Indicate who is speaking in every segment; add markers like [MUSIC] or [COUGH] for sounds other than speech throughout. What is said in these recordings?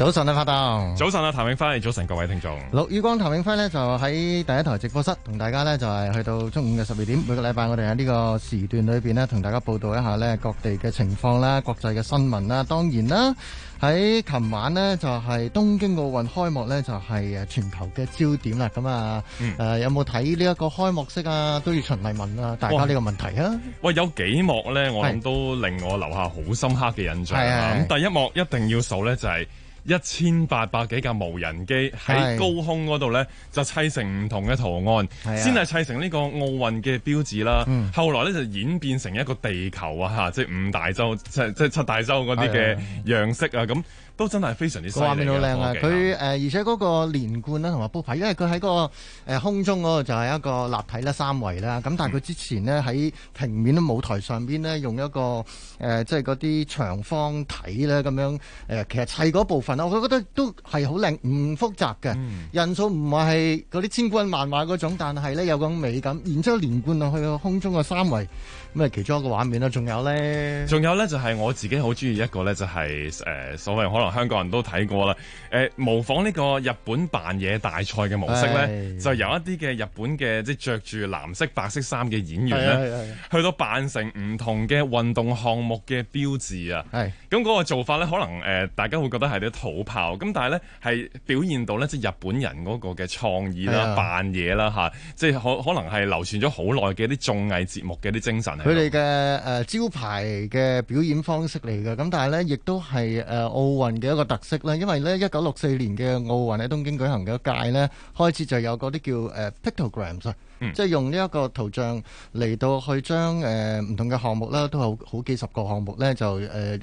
Speaker 1: 早晨啊，拍檔！早晨啊，譚永輝，早晨各位聽眾。
Speaker 2: 陸宇光譚永輝咧，就喺第一台直播室同大家咧，就係去到中午嘅十二點，每個禮拜我哋喺呢個時段裏邊咧，同大家報道一下咧各地嘅情況啦、國際嘅新聞啦。當然啦，喺琴晚咧就係、是、東京奧運開幕咧，就係、是、誒全球嘅焦點啦。咁啊誒、嗯呃，有冇睇呢一個開幕式啊？都要循例問啊，大家呢個問題啊、哦。
Speaker 1: 喂，有幾幕咧，我諗都令我留下好深刻嘅印象啦。咁、嗯、第一幕一定要數咧，就係、是。一千八百幾架無人機喺高空度咧，就砌成唔同嘅圖案，是先係砌成呢個奧運嘅標誌啦、嗯。後來咧就演變成一個地球啊，吓，即係五大洲，即係即係七大洲啲嘅樣式啊，咁都真係非常之畫面好靚啊！佢誒、
Speaker 2: 呃、而且嗰個連貫咧同埋鋪排，因為佢喺個誒空中嗰個就係一個立體啦、三維啦。咁但係佢之前咧喺平面嘅舞台上邊咧，用一個誒即係啲長方體咧咁樣誒、呃、其實砌嗰部分。我覺得都係好靚，唔複雜嘅、嗯，人數唔係嗰啲千軍萬馬嗰種，但係咧有個美感，然之後連貫落去個空中嘅三維咁啊，其中一個畫面啦，仲
Speaker 1: 有咧，仲有咧就係、是、我自己好中意一個咧，就係、是、誒、呃、所謂可能香港人都睇過啦。誒、呃、模仿呢個日本扮嘢大賽嘅模式咧，就由一啲嘅日本嘅即係着住藍色、白色衫嘅演員咧，去到扮成唔同嘅運動項目嘅標誌啊。係咁個做法咧，可能誒、呃、大家會覺得係啲土炮咁，但係咧係表現到咧即係日本人個嘅創意啦、扮嘢啦吓即係可可能係流傳咗好耐嘅一啲綜藝節目嘅啲精神。佢哋
Speaker 2: 嘅誒招牌嘅表演方式嚟嘅，咁但係咧亦都係誒奧運嘅一個特色啦，因為咧一九六四年嘅奧運喺東京舉行嘅一屆咧，開始就有嗰啲叫誒 pictograms 啊。嗯、即係用呢一個圖像嚟到去將誒唔同嘅項目啦，都有好幾十個項目咧，就誒誒、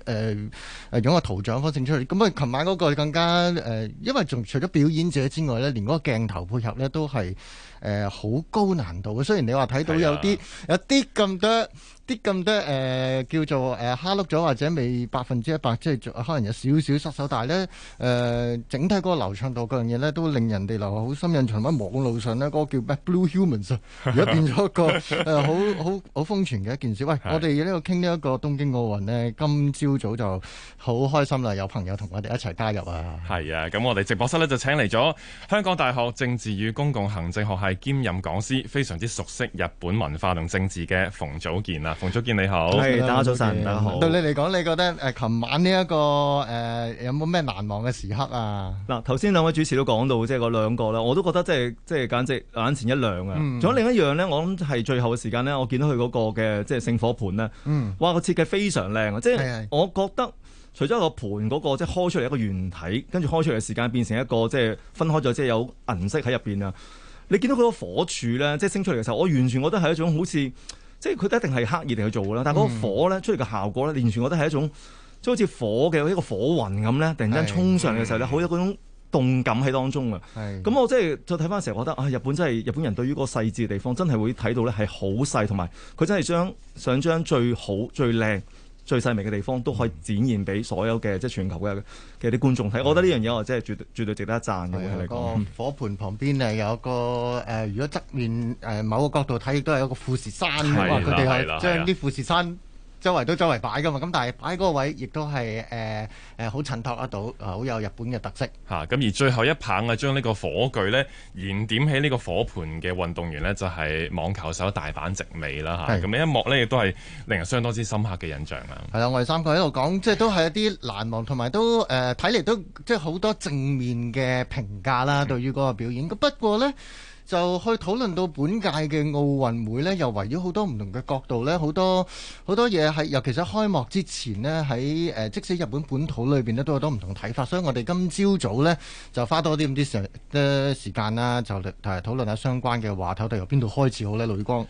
Speaker 2: 呃、用個圖像方式出嚟。咁啊，琴晚嗰個更加誒、呃，因為仲除咗表演者之外咧，連嗰個鏡頭配合咧都係誒好高難度嘅。雖然你話睇到有啲看有啲咁多。啲咁多誒叫做誒蝦碌咗或者未百分之一百，即係可能有少少失手，但係咧、呃、整體嗰個流暢度嗰樣嘢咧，都令人哋留下好深印象。喺網路上咧，嗰、嗰個、叫咩 Blue Humans，而家變咗一個好好好瘋傳嘅一件事。喂，我哋呢度傾呢一個東京奧運咧，今朝早就好開心啦！有朋友同我哋一齊加入啊，
Speaker 1: 係啊，咁我哋直播室咧就請嚟咗香港大學政治與公共行政學系兼任講師，非常之熟悉日本文化同政治嘅馮祖建啦。馮祖建你好，係大家早晨，大家好。對你
Speaker 2: 嚟講，你覺得誒、這個，琴晚呢一個誒，有冇咩難忘嘅時刻啊？
Speaker 3: 嗱，頭先兩位主持都講到，即係嗰兩個啦，我都覺得即係即係簡直眼前一亮啊！仲、嗯、有另一樣咧，我諗係最後嘅時間咧，我見到佢嗰、那個嘅即係聖火盤咧，哇、嗯，個設計非常靚啊！即係、嗯、我覺得除、那個，除咗個盤嗰個即係開出嚟一個圓體，跟住開出嚟時間變成一個即係、就是、分開咗，即、就、係、是、有銀色喺入邊啊！你見到佢個火柱咧，即、就、係、是、升出嚟嘅時候，我完全覺得係一種好似。即係佢都一定係刻意嚟去做嘅啦，但係嗰個火咧、嗯、出嚟嘅效果咧，你完全覺得係一種即係好似火嘅一個火雲咁咧，突然間衝上嚟嘅時候咧，好有嗰種動感喺當中啊！咁我即係再睇翻嘅時候，我覺得啊，日本真係日本人對於嗰個細緻嘅地方真係會睇到咧係好細，同埋佢真係將想將最好最靚。最細微嘅地方都可以展現俾所有嘅即係全球嘅嘅啲觀眾睇，我覺得呢樣嘢我真係絕對
Speaker 2: 絕對值得一讚嘅。係嚟講，火盆旁邊係有一個、呃、如果側面誒、呃、某個角度睇，亦都係一個富士山。佢哋係將啲富士山。周圍都周圍擺㗎嘛，咁但係擺嗰個位亦都係誒誒好襯托得到，啊、呃、好有日本嘅特色
Speaker 1: 吓。咁、啊、而最後一棒啊，將呢個火炬呢燃點起呢個火盆嘅運動員呢，就係、是、網球手大坂直美啦吓。咁、啊、呢一幕呢，亦都係令人相當之深刻嘅印象啊。
Speaker 2: 係啊，我哋三個喺度講，即係都係一啲難忘同埋都誒睇嚟都即係好多正面嘅評價啦、嗯，對於嗰個表演。咁不過呢。就去討論到本屆嘅奧運會呢，又圍繞好多唔同嘅角度呢，好多好多嘢係，尤其是開幕之前呢，喺誒即使日本本土裏邊呢，都有多唔同睇法。所以我哋今朝早、早呢，就花多啲咁啲上嘅時間啦，就嚟同人討論下相關嘅話題，睇由邊度開始好呢？雷光。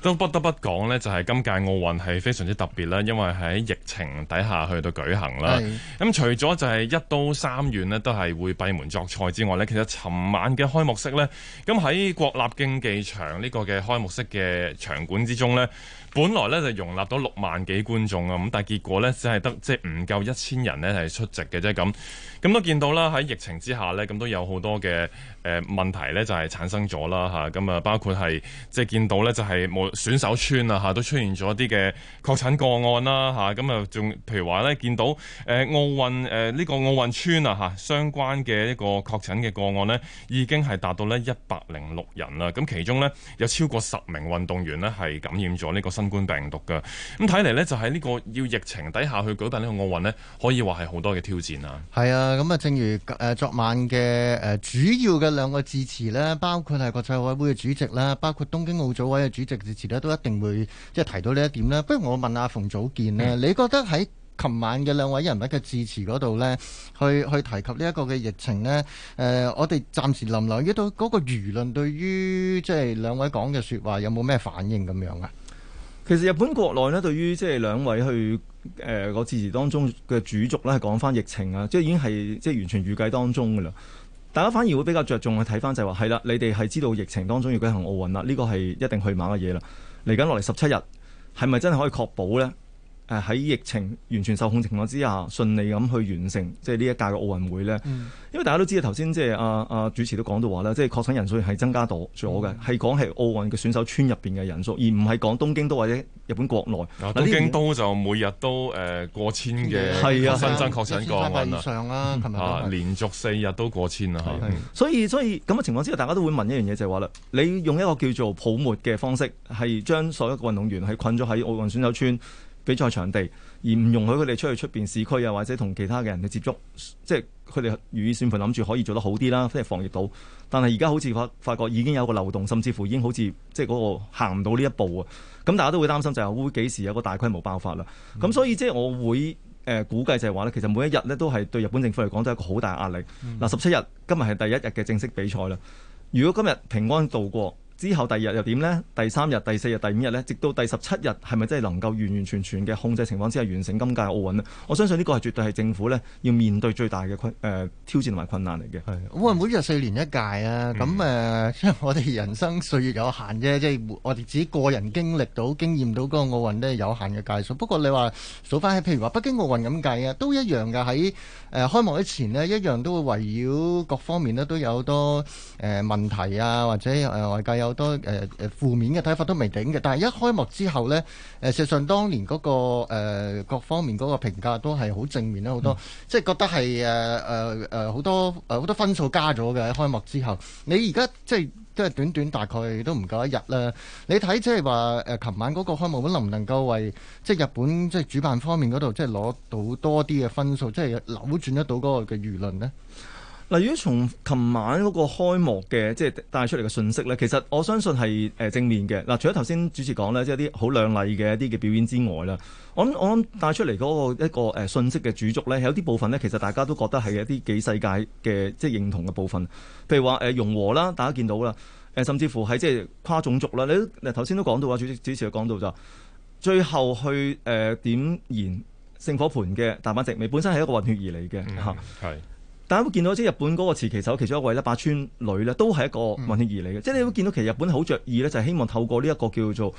Speaker 1: 都不得不講呢就係、是、今屆奧運係非常之特別啦，因為喺疫情底下去到舉行啦。咁除咗就係一都三縣呢都係會閉門作賽之外呢，其實尋晚嘅開幕式呢，咁喺國立競技場呢個嘅開幕式嘅場館之中呢，本來呢就容納到六萬幾觀眾啊，咁但係結果呢，只係得即係唔夠一千人呢係出席嘅啫咁。咁都見到啦，喺疫情之下呢，咁都有好多嘅誒問題呢就係產生咗啦吓，咁啊，包括係即係見到呢就係、是。選手村啊，嚇都出現咗啲嘅確診個案啦，嚇咁，啊仲、啊、譬如話咧見到誒、呃、奧運誒呢、呃，這個奧運村啊嚇、啊、相關嘅一個確診嘅個案呢，已經係達到呢一百零六人啦，咁其中呢，有超過十名運動員呢，係感染咗呢個新冠病毒噶，咁睇嚟呢，就係、是、呢個要疫情底下去舉辦呢個奧運呢，可以話係好多嘅挑戰啊。
Speaker 2: 係啊，咁啊正如誒、呃、昨晚嘅誒、呃、主要嘅兩個致辭呢，包括係國際奧委會嘅主席啦，包括東京奧組委嘅主席。致辭咧都一定會即係提到呢一點啦。不如我問阿馮祖建你覺得喺琴晚嘅兩位人物嘅致辭嗰度呢，去去提及呢一個嘅疫情呢？誒、呃，我哋暫時臨來一到個輿論對於即係兩位講嘅說話有冇咩反應咁樣啊？
Speaker 3: 其實日本國內呢，對於即係兩位去誒個致辭當中嘅主軸呢，係講翻疫情啊，即係已經係即係完全預計當中噶啦。大家反而會比較着重去睇翻就係話，係啦，你哋係知道疫情當中要舉行奧運啦，呢個係一定去馬嘅嘢啦。嚟緊落嚟十七日，係咪真係可以確保呢？誒，喺疫情完全受控情況之下，順利咁去完成即係呢一屆嘅奧運會咧。因為大家都知道頭先，即係阿阿主持都講到話咧，即係確診人數係增加多咗嘅，係講係奧運嘅選手村入邊嘅人數，而唔係講東京都或者日本國內。東京都
Speaker 1: 就每日都誒過千嘅新增確診個案啦，係咪連續四日都過千啦，
Speaker 3: 所以所以咁嘅情況之下，大家都會問一樣嘢，就係話咧，你用一個叫做泡沫嘅方式，係將所有運動員係困咗喺奧運選手村。比賽場地，而唔容許佢哋出去出邊市區啊，或者同其他嘅人去接觸，即係佢哋如意算盤諗住可以做得好啲啦，即係防疫到。但係而家好似發發覺已經有個漏洞，甚至乎已經好似即係、那、嗰個行唔到呢一步啊！咁大家都會擔心就係會幾時有個大規模爆發啦。咁、嗯、所以即係我會誒、呃、估計就係話呢，其實每一日呢都係對日本政府嚟講都係一個好大壓力。嗱、嗯呃，十七日今日係第一日嘅正式比賽啦。如果今日平安度過，之後第二日又點呢？第三日、第四日、第五日呢？直到第十七日，係咪真係能夠完完全全嘅控制情況之下完成今屆奧運呢？我相信呢個係絕對係政府呢要面對最大嘅困誒挑戰同埋困難嚟嘅。
Speaker 2: 係奧運會就四年一屆啊，咁、嗯、誒、呃，我哋人生歲月有限啫，即係我哋自己個人經歷到、經驗到嗰個奧運咧有限嘅屆數。不過你話數翻起，譬如話北京奧運咁計啊，都一樣㗎。喺誒、呃、開幕之前呢，一樣都會圍繞各方面咧都有好多誒、呃、問題啊，或者誒、呃、外界有。多誒誒、呃、負面嘅睇法都未頂嘅，但係一開幕之後呢，誒實上當年嗰、嗰個、呃、各方面嗰個評價都係好正面啦，好、嗯、多即係覺得係誒誒誒好多誒好、呃、多分數加咗嘅。一開幕之後，你而家即係都係短短大概都唔夠一日啦。你睇即係話誒，琴、呃、晚嗰個開幕會能唔能夠為即係日本即係主辦方面嗰度即係攞到多啲嘅分數，即係扭轉得到嗰個嘅輿論呢？嗱，如果從琴晚嗰個開幕嘅，即係帶出嚟嘅信息咧，其實我相
Speaker 3: 信係誒正面嘅。嗱，除咗頭先主持講咧，即係啲好靚麗嘅一啲嘅表演之外啦，我我諗帶出嚟嗰個一個誒信息嘅主軸咧，係有啲部分咧，其實大家都覺得係一啲幾世界嘅即係認同嘅部分。譬如話誒融和啦，大家見到啦，誒甚至乎係即係跨種族啦。你都頭先都講到啊，主持主持講到就最後去誒點燃聖火盆嘅大阪直美，咪本身係一個混血兒嚟嘅嚇。係、嗯。大家會見到即係日本嗰個持旗手其中一位咧，八村壘咧都係一個混血兒嚟嘅。嗯、即係你會見到其實日本好着意咧，就係、是、希望透過呢一個叫做。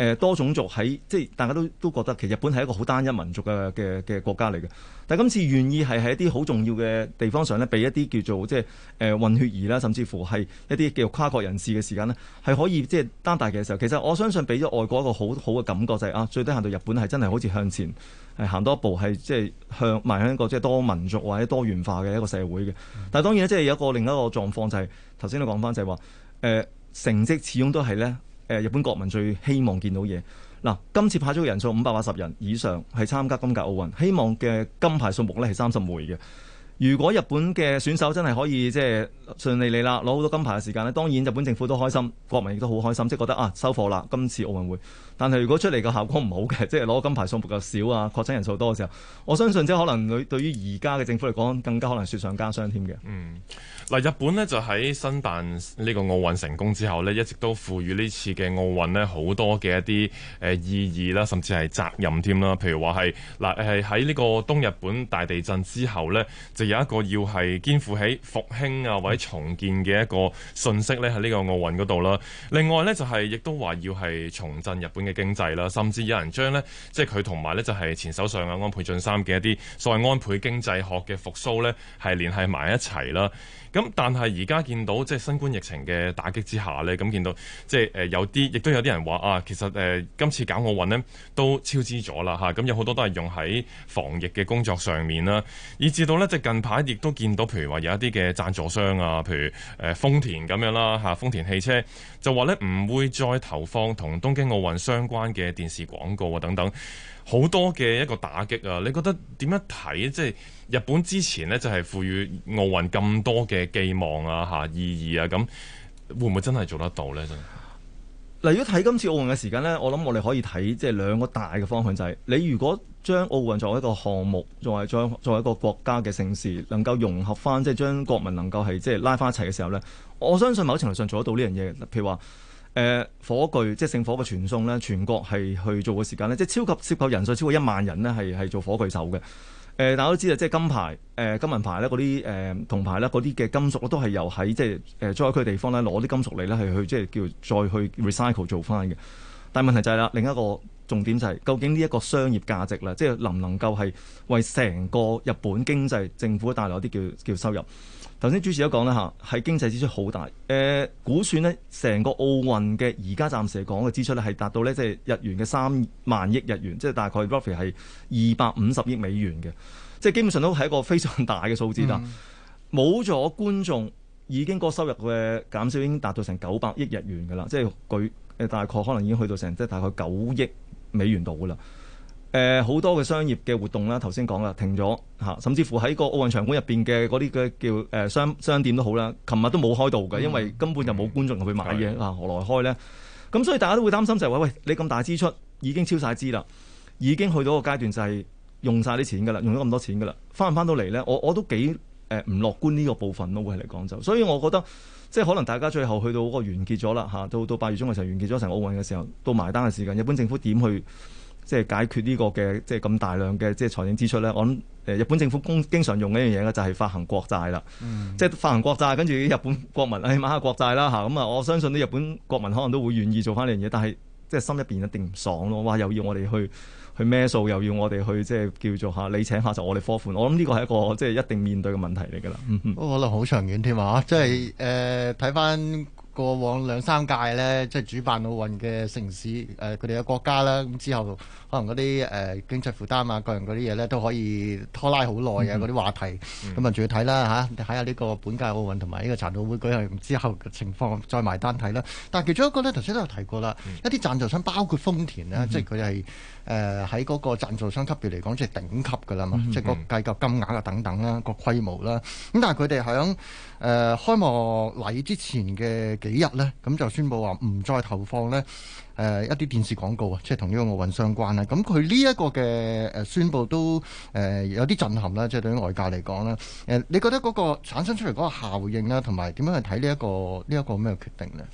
Speaker 3: 誒多種族喺即係大家都都覺得，其實日本係一個好單一民族嘅嘅嘅國家嚟嘅。但係今次願意係喺啲好重要嘅地方上咧，俾一啲叫做即係誒混血兒啦，甚至乎係一啲叫做跨國人士嘅時間咧，係可以即係擔大嘅時候。其實我相信俾咗外國一個好好嘅感覺就係啊，最低限度日本係真係好似向前係、呃、行多一步，係即係向邁向一個即係多民族或者多元化嘅一個社會嘅。但係當然即係有一個另一個狀況就係頭先都講翻就係話誒成績始終都係咧。誒日本國民最希望見到嘢。嗱，今次派咗嘅人數五百八十人以上係參加今屆奧運，希望嘅金牌數目咧係三十枚嘅。如果日本嘅選手真係可以即係順利利啦，攞好多金牌嘅時間呢，當然日本政府都開心，國民亦都好開心，即係覺得啊收貨啦，今次奧運會。但係如果出嚟嘅效果唔好嘅，即係攞金牌數唔夠少啊，確診人數多嘅時候，我相信即係可能佢對於而家嘅政府嚟講，更加可能雪上加霜添嘅。
Speaker 1: 嗯，嗱，日本呢就喺申辦呢個奧運成功之後呢，一直都賦予呢次嘅奧運呢好多嘅一啲誒意義啦，甚至係責任添啦。譬如話係嗱，係喺呢個東日本大地震之後呢，就有一個要係肩負起復興啊或者重建嘅一個信息咧喺呢個奧運嗰度啦。另外咧就係、是、亦都話要係重振日本嘅經濟啦，甚至有人將咧即係佢同埋咧就係、是就是、前首相啊安倍晉三嘅一啲所謂安倍經濟學嘅復甦咧係聯繫埋一齊啦。咁但係而家見到即係新冠疫情嘅打擊之下呢，咁見到即係有啲，亦都有啲人話啊，其實、呃、今次搞奧運呢都超支咗啦嚇。咁有好多都係用喺防疫嘅工作上面啦、啊，以至到呢，即近排亦都見到，譬如話有一啲嘅贊助商啊，譬如誒、呃、豐田咁樣啦嚇、啊，豐田汽車就話呢唔會再投放同東京奧運相關嘅電視廣告啊等等。好多嘅一個打擊啊！你覺得點樣睇？即係日本之前呢，就係賦予奧運咁多嘅寄望啊、嚇意義啊，咁會唔會真係做得到呢？真
Speaker 3: 係。如果睇今次奧運嘅時間呢，我諗我哋可以睇即係兩個大嘅方向，就係你如果將奧運作為一個項目，仲係再作為一個國家嘅盛事，能夠融合翻，即係將國民能夠係即係拉翻一齊嘅時候呢。我相信某程度上做得到呢樣嘢。譬如話。誒火炬即係聖火嘅傳送咧，全國係去做嘅時間咧，即係超級涉及人數超過一萬人咧，係係做火炬手嘅。誒，大家都知道，即係金牌、誒金銀牌咧嗰啲誒銅牌咧嗰啲嘅金屬，都係由喺即係誒災區地方咧攞啲金屬嚟咧係去即係叫再去 recycle 做翻嘅。但係問題就係啦，另一個。重點就係、是、究竟呢一個商業價值啦，即係能唔能夠係為成個日本經濟政府帶來一啲叫叫收入？頭先主持都講啦嚇，係經濟支出好大。誒、呃、估算呢成個奧運嘅而家暫時講嘅支出咧，係達到咧即係日元嘅三萬億日元，即係大概 roughly 係二百五十億美元嘅，即係基本上都係一個非常大嘅數字啦。冇、嗯、咗觀眾，已經個收入嘅減少已經達到成九百億日元噶啦，即係佢誒大概可能已經去到成即係大概九億。美元度噶啦，誒、呃、好多嘅商業嘅活動啦。頭先講啦，停咗吓，甚至乎喺個奧運場館入邊嘅嗰啲嘅叫誒商、呃、商店也好昨都好啦，琴日都冇開到嘅，因為根本就冇觀眾去買嘢啊、嗯，何來開呢？咁所以大家都會擔心就係、是、話，喂，你咁大支出已經超晒支啦，已經去到個階段就係用晒啲錢噶啦，用咗咁多錢噶啦，翻唔翻到嚟呢？我我都幾誒唔、呃、樂觀呢個部分咯，會係嚟講就，所以我覺得。即係可能大家最後去到嗰個完結咗啦嚇，到到八月中嘅時候完結咗成奧運嘅時候，到埋單嘅時間，日本政府點去即係解決呢、這個嘅即係咁大量嘅即係財政支出咧？我諗誒日本政府公經常用嘅一樣嘢咧，就係發行國債啦、嗯，即係發行國債，跟住日本國民誒買下國債啦嚇咁啊！我相信啲日本國民可能都會願意做翻呢樣嘢，但係即係心入邊一定唔爽咯，哇！又要我哋去。佢咩數，又要我哋去即係叫做嚇，你請客就我哋科款，我諗呢個係一個即係一定面對嘅問題嚟㗎啦。嗯嗯，
Speaker 2: 都可能好長遠添啊！即係誒睇返過往兩三屆咧，即係主辦奧運嘅城市誒，佢哋嘅國家啦，咁之後。可能嗰啲誒經濟負擔啊，各樣嗰啲嘢咧都可以拖拉好耐啊，嗰、嗯、啲話題，咁、嗯、啊仲要睇啦吓，睇下呢個本屆奧運同埋呢個殘奧會舉行之後嘅情況再埋單睇啦。但係其中一個咧，頭先都有提過啦、嗯，一啲贊助商包括豐田呢、嗯、即係佢係誒喺嗰個贊助商級別嚟講、就是嗯，即係頂級噶啦嘛，即係個計較金額啊等等啦，個規模啦。咁但係佢哋喺誒開幕禮之前嘅幾日咧，咁就宣布話唔再投放咧。誒、呃、一啲電視廣告啊，即係同呢個奧運相關啦。咁佢呢一個嘅誒宣佈都誒、呃、有啲震撼啦，即係對於外界嚟講啦。誒、呃，你覺得嗰個產生出嚟嗰個效應啦，同埋點樣去睇呢一個呢一個咩決定呢？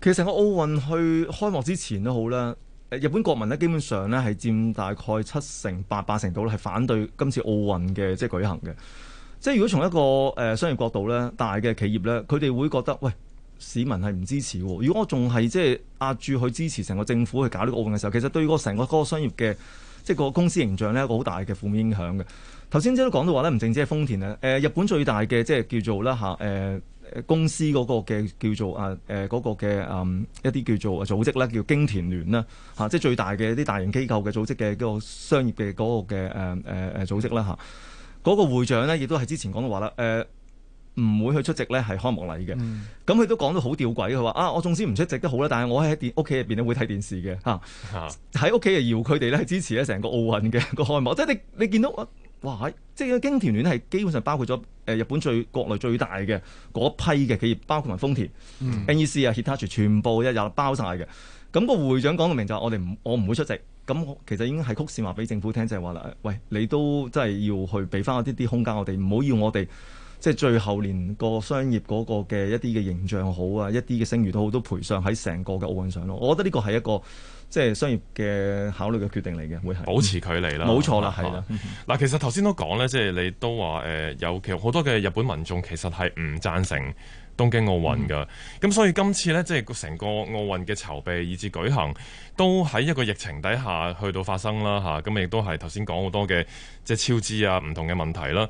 Speaker 2: 其
Speaker 3: 實成個奧運去開幕之前都好啦，日本國民呢，基本上呢係佔大概七成八八成度啦，係反對今次奧運嘅即係舉行嘅。即係如果從一個誒商業角度呢，大嘅企業呢，佢哋會覺得喂，市民係唔支持喎。如果我仲係即係壓住去支持成個政府去搞呢個奧運嘅時候，其實對嗰成個嗰個商業嘅即係個公司形象呢，一個好大嘅負面影響嘅。頭先即都講到話咧，唔淨止係豐田啊，誒日本最大嘅即係叫做啦嚇誒公司嗰個嘅叫做啊誒嗰個嘅嗯一啲叫做組織咧，叫經團連啦嚇、啊，即係最大嘅一啲大型機構嘅組織嘅嗰、那個、商業嘅嗰個嘅誒誒誒組織啦嚇。嗰、啊那個會長咧亦都係之前講到話啦誒。呃會去出席咧，係開幕禮嘅。咁、嗯、佢都講到好吊詭，佢話啊，我總之唔出席都好啦。但係我喺電屋企入邊咧會睇電視嘅，吓喺屋企啊搖佢哋咧支持咧成個奧運嘅個開幕。啊、即係你你見到哇！即係經團聯係基本上包括咗誒日本最國內最大嘅嗰批嘅企業，包括埋豐田、N E C 啊、NEC, Hitachi 全部一入包晒嘅。咁、那個會長講到明就我哋我唔會出席。咁其實已經係曲線話俾政府聽，就係話啦，喂，你都即係要去俾翻一啲啲空間我哋，唔好要，要我哋。即係最後連個商業嗰個嘅一啲嘅形象好啊，一啲嘅聲譽都好，都賠上喺成個嘅奧運上咯。我覺得呢個係一個即係商業嘅考慮嘅決定嚟嘅，會係保持距離啦。冇錯啦，係啦。
Speaker 1: 嗱，其實頭先都講咧，即係你都話誒有其實好多嘅日本民眾其實係唔贊成東京奧運嘅。咁所以今次咧，即係成個奧運嘅籌備以至舉行，都喺一個疫情底下去到發生啦吓，咁亦都係頭先講好多嘅即係超支啊，唔同嘅問題啦。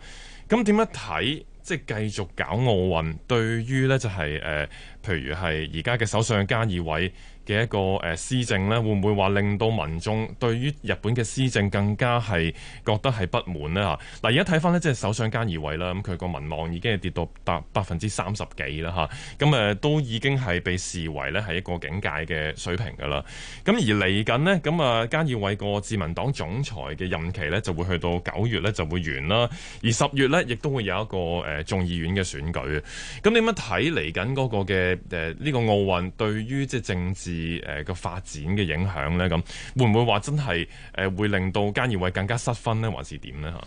Speaker 1: 咁點樣睇？即係繼續搞奧運，對於咧就係、是、誒、呃，譬如係而家嘅首相菅義偉嘅一個誒、啊、施政咧，會唔會話令到民眾對於日本嘅施政更加係覺得係不滿咧吓嗱，而家睇翻咧，即係首相菅義偉啦，咁佢個民望已經係跌到百百分之三十幾啦吓，咁、啊、誒、啊、都已經係被視為咧係一個警戒嘅水平噶啦。咁、啊、而嚟緊咧，咁啊菅義偉個自民黨總裁嘅任期咧就會去到九月咧就會完啦，而十月咧亦都會有一個誒眾、啊、議院嘅選舉，咁、啊、點樣睇嚟緊嗰個嘅誒呢個奧運對於即係政治？以誒個發展嘅影響咧，咁會唔會話真係誒會令到菅義偉更加失分咧，還是點咧嚇？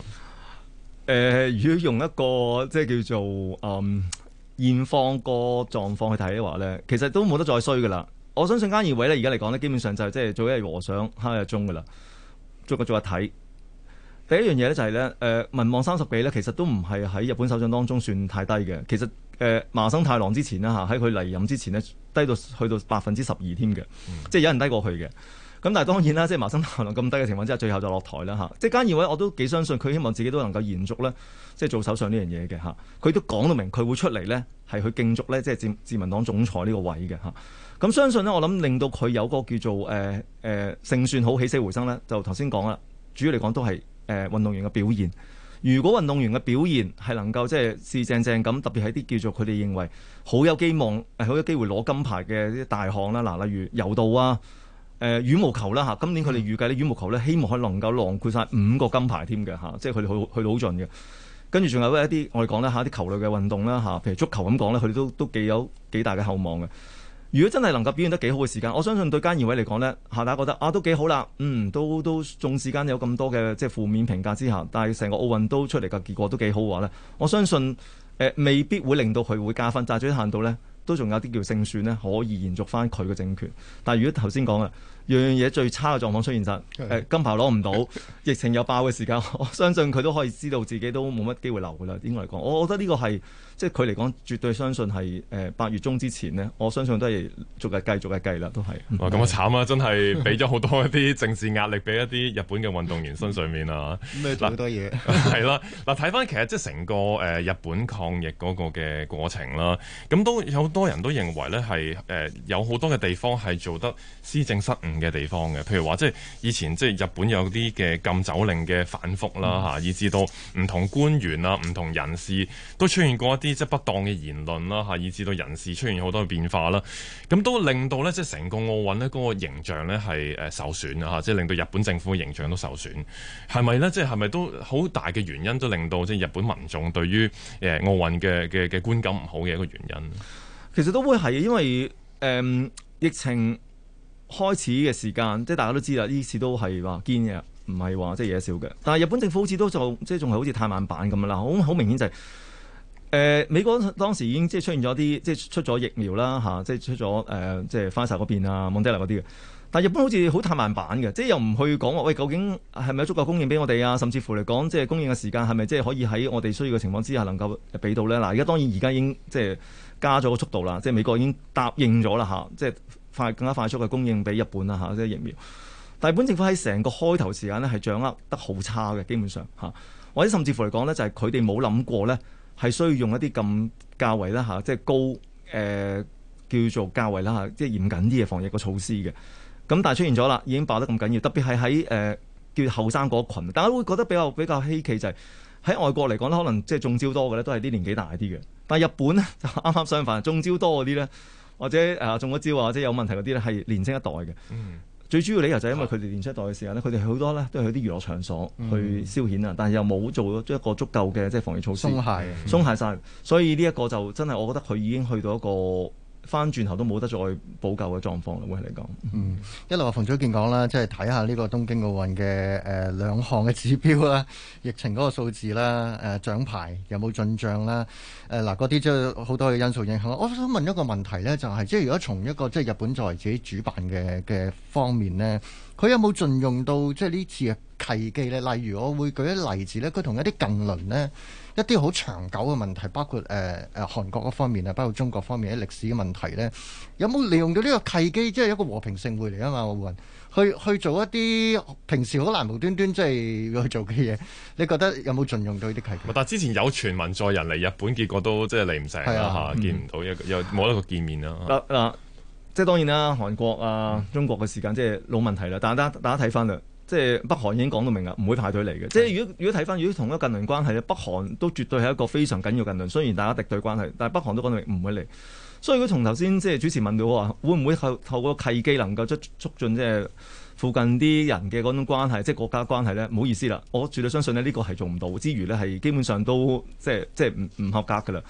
Speaker 3: 如果用一個即係叫做誒、嗯、現況個狀況去睇嘅話咧，其實都冇得再衰噶啦。我相信菅義偉咧而家嚟講咧，基本上就係即係做一日和尚敲一日鐘噶啦，逐多做一睇。第一樣嘢咧就係、是、咧，誒、呃、民望三十幾咧，其實都唔係喺日本首相當中算太低嘅。其實誒、呃、麻生太郎之前啦嚇，喺佢離任之前呢，低到去到百分之十二添嘅，即係有人低過佢嘅。咁但係當然啦，即係麻生太郎咁低嘅情況之下，最後就落台啦嚇。即係菅義偉我都幾相信佢希望自己都能夠延續咧，即係做首相呢樣嘢嘅嚇。佢都講到明，佢會出嚟咧係去競逐咧，即係自自民黨總裁呢個位嘅嚇。咁相信呢，我諗令到佢有個叫做誒誒、呃呃、勝算好起死回生咧，就頭先講啦，主要嚟講都係。誒、呃、運動員嘅表現，如果運動員嘅表現係能夠即係是正正咁，特別係啲叫做佢哋認為好有希望、好、呃、有機會攞金牌嘅啲大項啦，嗱例如柔道啊、誒、呃、羽毛球啦、啊、嚇，今年佢哋預計啲羽毛球咧希望佢能能夠囊括晒五個金牌添嘅嚇，即係佢哋去去到好盡嘅。跟住仲有一啲我哋講咧一啲球類嘅運動啦嚇、啊，譬如足球咁講咧，佢哋都都幾有幾大嘅厚望嘅。如果真係能夠表現得幾好嘅時間，我相信對菅義偉嚟講呢，下大家覺得啊都幾好啦，嗯，都都縱使間有咁多嘅即係負面評價之下，但係成個奧運都出嚟嘅結果都幾好嘅話呢。我相信、呃、未必會令到佢會加分，但係最限度呢，都仲有啲叫勝算呢，可以延續翻佢嘅政權。但如果頭先講啊，樣樣嘢最差嘅狀況出現曬，誒、呃、金牌攞唔到，疫情又爆嘅時間，我相信佢都可以知道自己都冇乜機會留噶啦。應該嚟講，我覺得呢個係即係佢嚟講，絕對相信係誒八月中之前呢。我相信都係逐日計逐日計啦，都係。咁啊慘啊，慘
Speaker 1: 了真係俾咗好多一啲政治壓力俾一啲日本嘅運動員身上面 [LAUGHS] 啊。咩做好多嘢？係、啊、啦，嗱睇翻其實即係成個誒日本抗疫嗰個嘅過程啦，咁都有好多人都認為咧係誒有好多嘅地方係做得施政失誤。嘅地方嘅，譬如話即係以前即係日本有啲嘅禁酒令嘅反覆啦吓，以致到唔同官員啊，唔同人士都出現過一啲即係不當嘅言論啦吓，以致到人事出現好多嘅變化啦，咁都令到咧即係成個奧運咧嗰個形象咧係誒受損啊吓，即係令到日本政府嘅形象都受損，係咪咧？即係係咪都好大嘅原因都令到即係日本民眾對於誒奧運嘅嘅嘅觀感唔好嘅一個原因？其實都會係，因為誒、嗯、
Speaker 3: 疫情。開始嘅時間，即係大家都知啦，呢次都係話堅嘅，唔係話即係嘢少嘅。但係日本政府好似都就即係仲係好似太慢板咁樣啊！嗱，好好明顯就係、是，誒、呃、美國當時已經即係出現咗啲，即係出咗疫苗啦嚇、啊，即係出咗誒、呃，即係翻晒嗰邊啊，蒙地拿嗰啲嘅。但係日本好似好太慢板嘅，即係又唔去講話喂，究竟係咪有足夠供應俾我哋啊？甚至乎嚟講，即係供應嘅時間係咪即係可以喺我哋需要嘅情況之下能夠俾到咧？嗱，而家當然而家已經即係加咗個速度啦，即係美國已經答應咗啦嚇，即係。快更加快速嘅供應俾日本啦嚇，即、啊、係、就是、疫苗。但日本政府喺成個開頭時間呢係掌握得好差嘅，基本上嚇、啊，或者甚至乎嚟講呢，就係佢哋冇諗過呢係需要用一啲咁較為啦嚇，即、啊、係、就是、高誒、呃、叫做較為啦嚇，即、啊、係、就是、嚴謹啲嘅防疫個措施嘅。咁、啊、但係出現咗啦，已經爆得咁緊要，特別係喺誒叫後生嗰群，大家我都會覺得比較比較稀奇，就係喺外國嚟講咧，可能即係中招多嘅呢都係啲年紀大啲嘅。但係日本呢，就啱啱相反，中招多嗰啲呢。或者誒中咗招或者有問題嗰啲咧係年青一代嘅、嗯，最主要理由就係因為佢哋年青一代嘅時間咧，佢哋好多咧都係去啲娛樂場所去消遣啊、嗯，但係又冇做到一個足夠嘅即係防疫措施，鬆懈晒、嗯，所以呢一個就真係我覺得佢已經去到一個翻轉頭都冇得再補救嘅
Speaker 2: 狀況啦，會嚟講。嗯，一嚟話馮祖建講啦，即係睇下呢個東京奧運嘅誒、呃、兩項嘅指標啦，疫情嗰個數字啦，誒、呃、獎牌有冇進帳啦，誒嗱嗰啲即係好多嘅因素影響。我想問一個問題呢，就係、是、即係如果從一個即係日本作為自己主辦嘅嘅方面呢，佢有冇盡用到即係呢次嘅契機呢，例如我會舉一例子一呢，佢同一啲近鄰呢，一啲好長久嘅問題，包括誒誒、呃、韓國方面啊，包括中國方面啲歷史嘅問題咧，有冇利用到呢個契機，即係一個和平盛會嚟啊嘛？奧運，去去做一啲平時好難無端端即係要去做嘅嘢，你覺得有冇盡用到呢啲契機？
Speaker 1: 但係之前有傳文在寅嚟日本，結果都即係嚟唔成啦嚇、啊啊，見唔到又又冇得佢見面啦。嗱即係當然啦，
Speaker 3: 韓國啊、中國嘅時間即係老問題啦，但係大家大家睇翻啦。即係北韓已經講到明啦，唔會派隊嚟嘅。即係如果如果睇翻，如果同一近鄰關係咧，北韓都絕對係一個非常緊要近鄰。雖然大家敵對關係，但係北韓都講到明唔會嚟。所以，佢同從頭先即係主持問到話，會唔會透透過契機能夠促進即係附近啲人嘅嗰種關係，即係國家關係咧？唔好意思啦，我絕對相信呢個係做唔到之餘呢，係基本上都即係即係唔唔合格㗎啦。誒、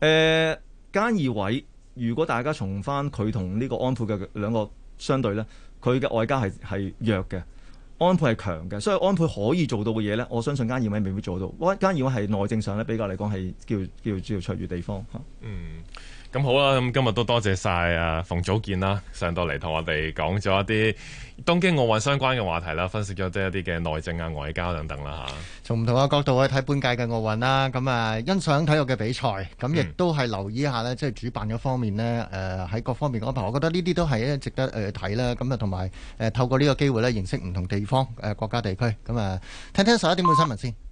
Speaker 3: 呃，菅義偉，如果大家重翻佢同呢個安倍嘅兩個相對呢，佢嘅外交係係弱嘅。安倍係強嘅，所以安倍可以做到嘅嘢呢，我相信菅義偉未必做到。我菅義偉係內政上呢，比較嚟講係叫叫叫卓越地方嚇。嗯。
Speaker 1: 咁好啦，咁今日都多謝晒啊馮祖建啦，上到嚟同我哋講咗一啲東京奧運相關嘅話題啦，分析咗即係一啲嘅內政啊、外交等等啦嚇。
Speaker 2: 從唔同嘅角度去睇本屆嘅奧運啦，咁啊欣賞體育嘅比賽，咁亦都係留意一下呢，嗯、即係主辦嗰方面呢。喺、呃、各方面嘅安排，我覺得呢啲都係值得誒睇啦。咁啊同埋透過呢個機會呢認識唔同地方、呃、國家地區，咁啊聽聽十一點半新聞先。